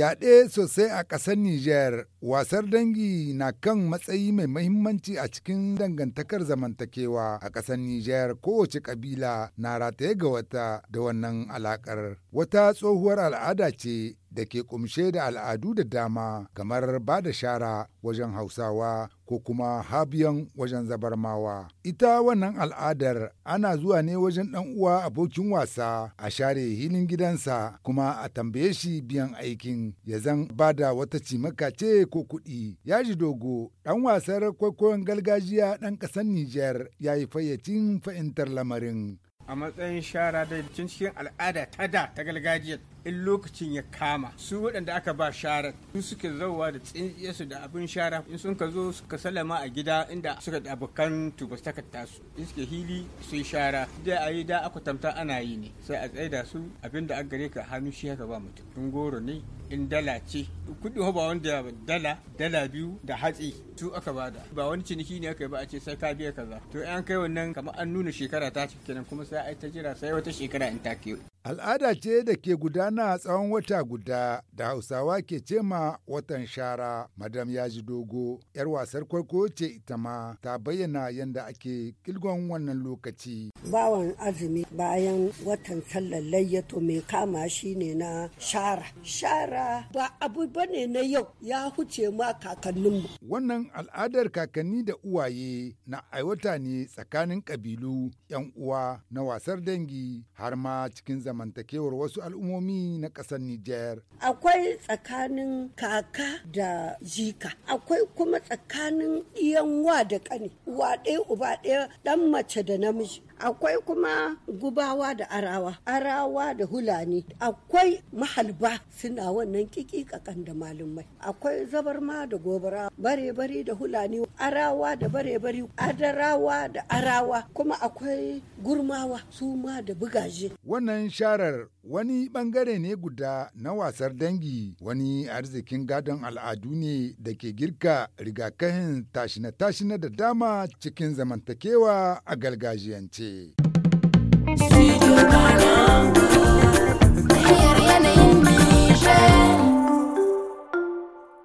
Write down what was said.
yaɗe sosai a ƙasar Nijar, wasar dangi na kan matsayi mai mahimmanci a cikin dangantakar zamantakewa a ƙasar Nijar kowace ƙabila na rataye ga wata da wannan alaƙar. Wata tsohuwar al'ada ce da ke kumshe da al'adu da dama kamar ba da shara wajen hausawa ko kuma habiyan wajen zabarmawa. Ita wannan al'adar ana zuwa ne wajen ɗan uwa abokin wasa a share hilin gidansa kuma a tambaye shi biyan aikin ya zan ba da wata cimaka ce ko kuɗi. ji dogo ɗan wasar kwaikwayon gargajiya ɗan ƙasar Nijar ya yi fayyacin fahimtar lamarin. A matsayin shara da cikin al'ada ta da ta gargajiya in lokacin ya kama su waɗanda aka ba shara su suke zauwa da tsintsiyarsu da abin shara in sun ka zo suka salama a gida inda suka da abokan tubas takarta su in suke hili su yi shara da a yi da aka tamta ana yi ne sai a da su abin da gare ka hannu shi haka ba mutum in goro ne in dala ce kuɗi ba wanda dala dala biyu da hatsi su aka bada ba wani ciniki ne aka yi ba a ce sai ka biya kaza to an kai wannan kamar an nuna shekara ta kenan kuma sai a yi ta jira sai wata shekara in ta ke. al'ada ce da ke guda. Ana tsawon wata guda da Hausawa ke cema watan shara. Madam ya ji dogo, 'yar wasar kwaikwayo ce ita ma ta bayyana yadda ake kilgon wannan lokaci. Bawan azumi bayan watan sallar layyato mai kama shi ne na shara. Shara ba abu bane na yau ya huce ma kakanninmu. Wannan al'adar kakanni da uwaye na aiwata ne tsakanin ƙabilu, 'yan uwa na wasar dangi har ma cikin zamantakewar wasu al'ummomi addini na ƙasar Nijar. Akwai tsakanin kaka da jika, akwai kuma tsakanin iyan wa da ƙani, uwa ɗaya uba ɗaya ɗan mace da namiji. akwai kuma gubawa da arawa arawa da hulani akwai mahalba suna wannan kakan da malumai akwai zabar ma da gobara bare-bare da hulani arawa da bare-bare adarawa da arawa kuma akwai gurmawa su ma da bugaje wannan sharar wani bangare ne guda na wasar dangi wani arzikin gadon al'adu ne da ke girka rigakafin tashina-tashina da dama cikin zamantakewa a gargajiyance.